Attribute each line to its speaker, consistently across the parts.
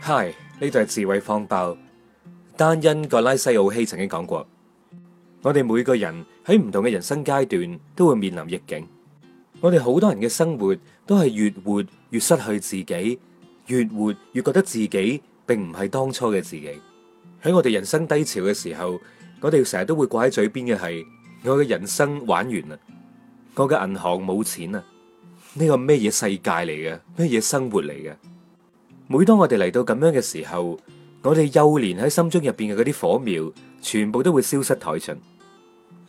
Speaker 1: 嗨，呢度係智慧方包。丹因格拉西奧希曾經講過，我哋每個人喺唔同嘅人生階段都會面臨逆境。我哋好多人嘅生活都係越活越失去自己，越活越覺得自己並唔係當初嘅自己。喺我哋人生低潮嘅時候，我哋成日都會掛喺嘴邊嘅係，我嘅人生玩完啦，我嘅銀行冇錢啦，呢個咩嘢世界嚟嘅？咩嘢生活嚟嘅？每當我哋嚟到咁樣嘅時候，我哋幼年喺心中入邊嘅嗰啲火苗，全部都會消失殆盡。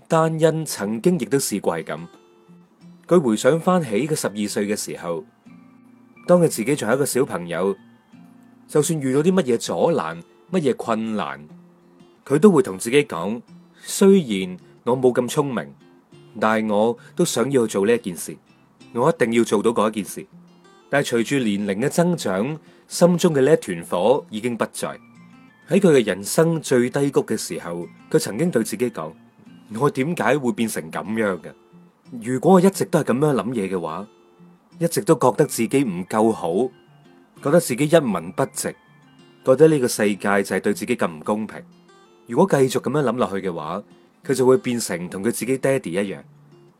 Speaker 1: 但因曾經亦都試過係咁，佢回想翻起佢十二歲嘅時候，當佢自己仲係一個小朋友，就算遇到啲乜嘢阻攔、乜嘢困難，佢都會同自己講：雖然我冇咁聰明，但係我都想要做呢一件事，我一定要做到嗰一件事。但係隨住年齡嘅增長，心中嘅呢一團火已經不在，喺佢嘅人生最低谷嘅時候，佢曾經對自己講：我點解會變成咁樣嘅？如果我一直都係咁樣諗嘢嘅話，一直都覺得自己唔夠好，覺得自己一文不值，覺得呢個世界就係對自己咁唔公平。如果繼續咁樣諗落去嘅話，佢就會變成同佢自己爹哋一樣，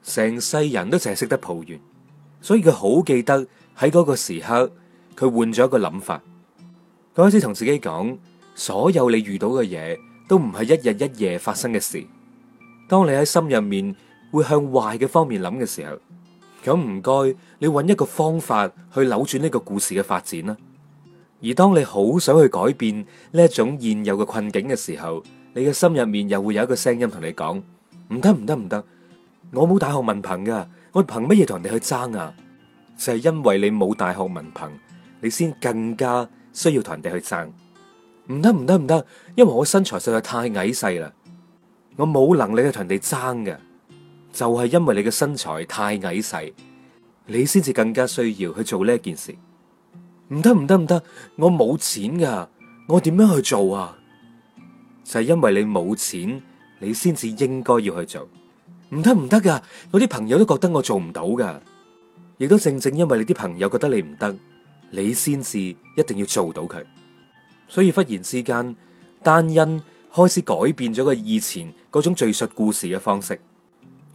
Speaker 1: 成世人都淨係識得抱怨。所以佢好記得喺嗰個時刻。佢換咗一個諗法，佢開始同自己講：所有你遇到嘅嘢都唔係一日一夜發生嘅事。當你喺心入面會向壞嘅方面諗嘅時候，咁唔該，你搵一個方法去扭轉呢個故事嘅發展啦。而當你好想去改變呢一種現有嘅困境嘅時候，你嘅心入面又會有一個聲音同你講：唔得，唔得，唔得，我冇大學文憑噶，我憑乜嘢同人哋去爭啊？就係因為你冇大學文憑。你先更加需要同人哋去爭。唔得唔得唔得，因為我身材實在太矮細啦，我冇能力去同人哋爭嘅。就係因為你嘅身材太矮細，你先至更加需要去做呢一件事。唔得唔得唔得，我冇錢噶，我點樣去做啊？就係因為你冇錢，你先至應該要去做。唔得唔得噶，我啲朋友都覺得我做唔到噶，亦都正正因為你啲朋友覺得你唔得，你先至一定要做到佢，所以忽然之間，丹恩開始改變咗佢以前嗰種敘述故事嘅方式。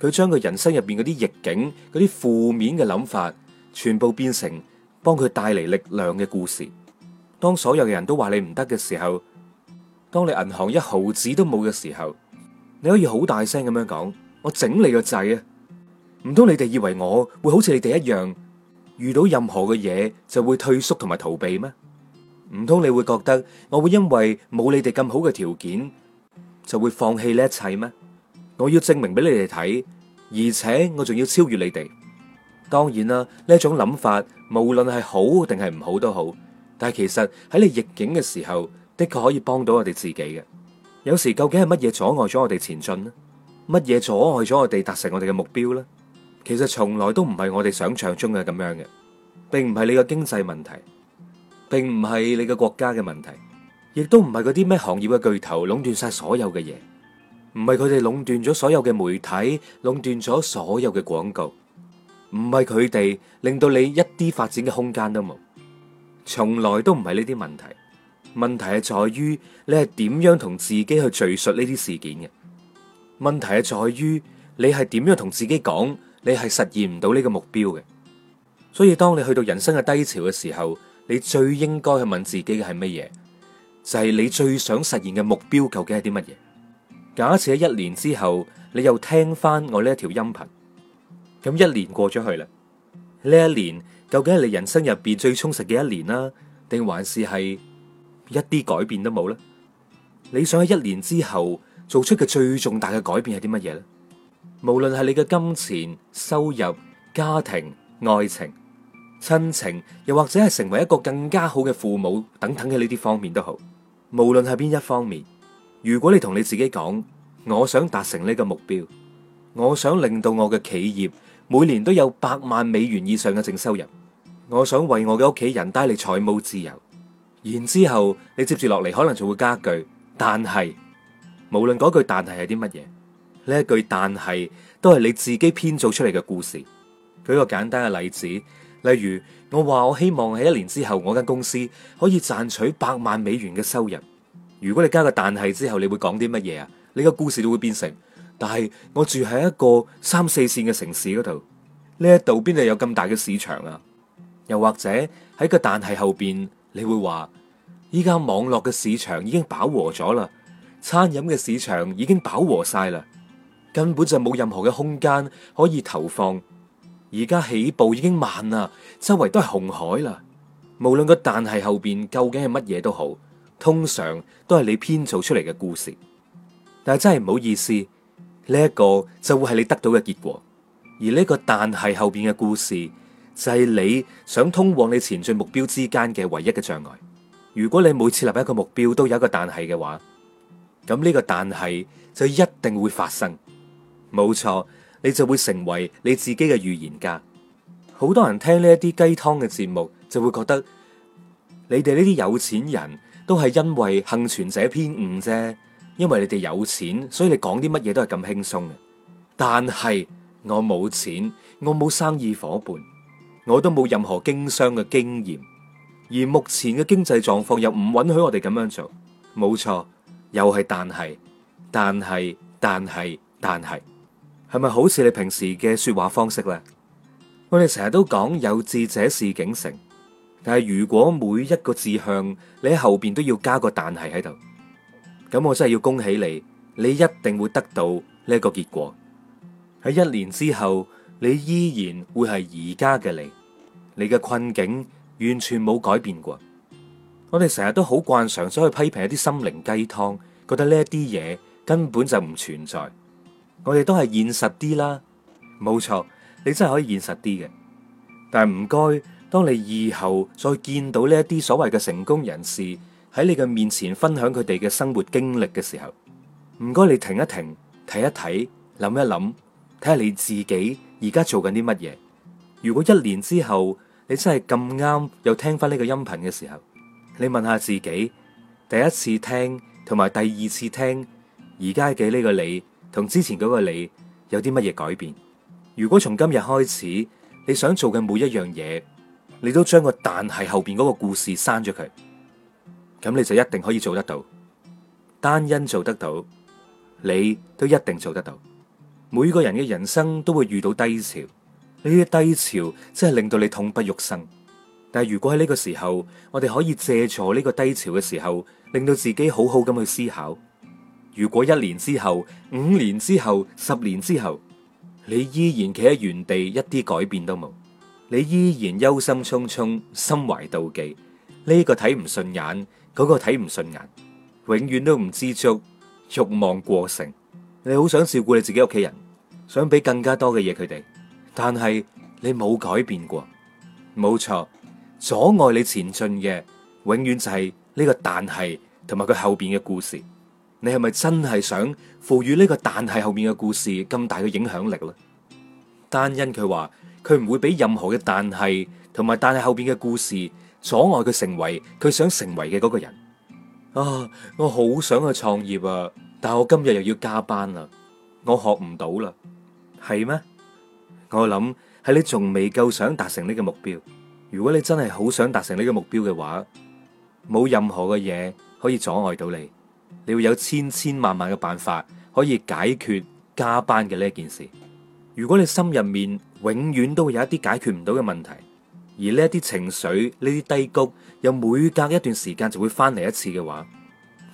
Speaker 1: 佢將佢人生入邊嗰啲逆境、嗰啲負面嘅諗法，全部變成幫佢帶嚟力量嘅故事。當所有嘅人都話你唔得嘅時候，當你銀行一毫子都冇嘅時候，你可以好大聲咁樣講：我整你個掣啊！唔通你哋以為我會好似你哋一樣？遇到任何嘅嘢就會退縮同埋逃避咩？唔通你會覺得我會因為冇你哋咁好嘅條件就會放棄呢一切咩？我要證明俾你哋睇，而且我仲要超越你哋。當然啦，呢種諗法無論係好定係唔好都好，但係其實喺你逆境嘅時候的確可以幫到我哋自己嘅。有時究竟係乜嘢阻礙咗我哋前進呢？乜嘢阻礙咗我哋達成我哋嘅目標呢？其實從來都唔係我哋想象中嘅咁樣嘅，並唔係你嘅經濟問題，並唔係你嘅國家嘅問題，亦都唔係嗰啲咩行業嘅巨頭壟斷晒所有嘅嘢，唔係佢哋壟斷咗所有嘅媒體，壟斷咗所有嘅廣告，唔係佢哋令到你一啲發展嘅空間都冇，從來都唔係呢啲問題。問題係在於你係點樣同自己去敘述呢啲事件嘅？問題係在於你係點樣同自己講？你係實現唔到呢個目標嘅，所以當你去到人生嘅低潮嘅時候，你最應該去問自己嘅係乜嘢？就係你最想實現嘅目標究竟係啲乜嘢？假設喺一年之後，你又聽翻我呢一條音頻，咁一年過咗去啦，呢一年究竟係你人生入邊最充實嘅一年啦，定還是係一啲改變都冇咧？你想喺一年之後做出嘅最重大嘅改變係啲乜嘢咧？無論係你嘅金錢、收入、家庭、愛情、親情，又或者係成為一個更加好嘅父母，等等嘅呢啲方面都好，無論係邊一方面，如果你同你自己講，我想達成呢個目標，我想令到我嘅企業每年都有百萬美元以上嘅淨收入，我想為我嘅屋企人帶嚟財務自由，然之後你接住落嚟可能就會加句，但係無論嗰句但係係啲乜嘢。呢一句但係都係你自己編造出嚟嘅故事。舉個簡單嘅例子，例如我話我希望喺一年之後我間公司可以賺取百萬美元嘅收入。如果你加個但係之後，你會講啲乜嘢啊？你個故事都會變成，但係我住喺一個三四線嘅城市嗰度，呢一度邊度有咁大嘅市場啊？又或者喺個但係後邊你會話，依家網絡嘅市場已經飽和咗啦，餐飲嘅市場已經飽和晒啦。根本就冇任何嘅空間可以投放。而家，起步已經慢啦，周圍都係紅海啦。無論個但係後邊究竟係乜嘢都好，通常都係你編造出嚟嘅故事。但係真係唔好意思，呢、這、一個就會係你得到嘅結果。而呢個但係後邊嘅故事就係、是、你想通往你前進目標之間嘅唯一嘅障礙。如果你每設立一個目標都有一個但係嘅話，咁呢個但係就一定會發生。冇錯，你就會成為你自己嘅預言家。好多人聽呢一啲雞湯嘅節目，就會覺得你哋呢啲有錢人都係因為幸存者偏誤啫，因為你哋有錢，所以你講啲乜嘢都係咁輕鬆嘅。但係我冇錢，我冇生意伙伴，我都冇任何經商嘅經驗，而目前嘅經濟狀況又唔允許我哋咁樣做。冇錯，又係但係，但係，但係，但係。係咪好似你平時嘅說話方式咧？我哋成日都講有志者事竟成，但係如果每一個志向你喺後邊都要加個但係喺度，咁我真係要恭喜你，你一定會得到呢個結果。喺一年之後，你依然會係而家嘅你，你嘅困境完全冇改變過。我哋成日都好慣常想去批評一啲心靈雞湯，覺得呢一啲嘢根本就唔存在。我哋都係現實啲啦，冇錯，你真係可以現實啲嘅。但係唔該，當你以後再見到呢一啲所謂嘅成功人士喺你嘅面前分享佢哋嘅生活經歷嘅時候，唔該你停一停，睇一睇，諗一諗，睇下你自己而家做緊啲乜嘢。如果一年之後你真係咁啱又聽翻呢個音頻嘅時候，你問下自己，第一次聽，同埋第二次聽，而家嘅呢個你。同之前嗰個你有啲乜嘢改變？如果從今日開始，你想做嘅每一樣嘢，你都將個但係後邊嗰個故事刪咗佢，咁你就一定可以做得到。單恩做得到，你都一定做得到。每個人嘅人生都會遇到低潮，呢啲低潮真係令到你痛不欲生。但係如果喺呢個時候，我哋可以借助呢個低潮嘅時候，令到自己好好咁去思考。如果一年之後、五年之後、十年之後，你依然企喺原地，一啲改變都冇，你依然憂心忡忡、心懷妒忌，呢個睇唔順眼，嗰個睇唔順眼，永遠都唔知足，欲望過剩，你好想照顧你自己屋企人，想俾更加多嘅嘢佢哋，但係你冇改變過，冇錯，阻礙你前進嘅永遠就係呢個但係，同埋佢後邊嘅故事。你係咪真係想賦予呢個但係後面嘅故事咁大嘅影響力咧？單因佢話佢唔會俾任何嘅但係同埋但係後邊嘅故事阻礙佢成為佢想成為嘅嗰個人啊！我好想去創業啊，但係我今日又要加班啦，我學唔到啦，係咩？我諗係你仲未夠想達成呢個目標。如果你真係好想達成呢個目標嘅話，冇任何嘅嘢可以阻礙到你。你會有千千萬萬嘅辦法可以解決加班嘅呢件事。如果你心入面永遠都會有一啲解決唔到嘅問題，而呢啲情緒、呢啲低谷又每隔一段時間就會翻嚟一次嘅話，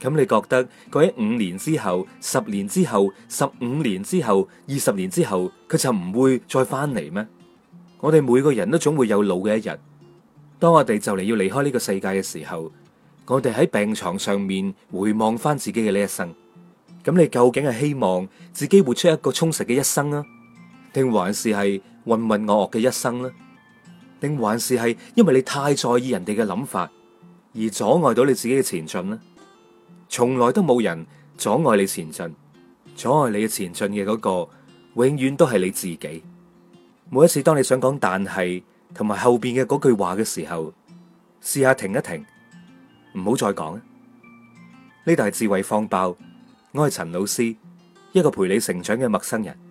Speaker 1: 咁你覺得過喺五年之後、十年之後、十五年之後、二十年之後，佢就唔會再翻嚟咩？我哋每個人都總會有老嘅一日，當我哋就嚟要離開呢個世界嘅時候。我哋喺病床上面回望翻自己嘅呢一生，咁你究竟係希望自己活出一個充實嘅一生啊？定還是係渾渾噩噩嘅一生咧？定還是係因為你太在意人哋嘅諗法而阻礙到你自己嘅前進咧？從來都冇人阻礙你前進，阻礙你嘅前進嘅嗰個永遠都係你自己。每一次當你想講但係同埋後邊嘅嗰句話嘅時候，試下停一停。唔好再講啦！呢度係智慧方包，我係陳老師，一個陪你成長嘅陌生人。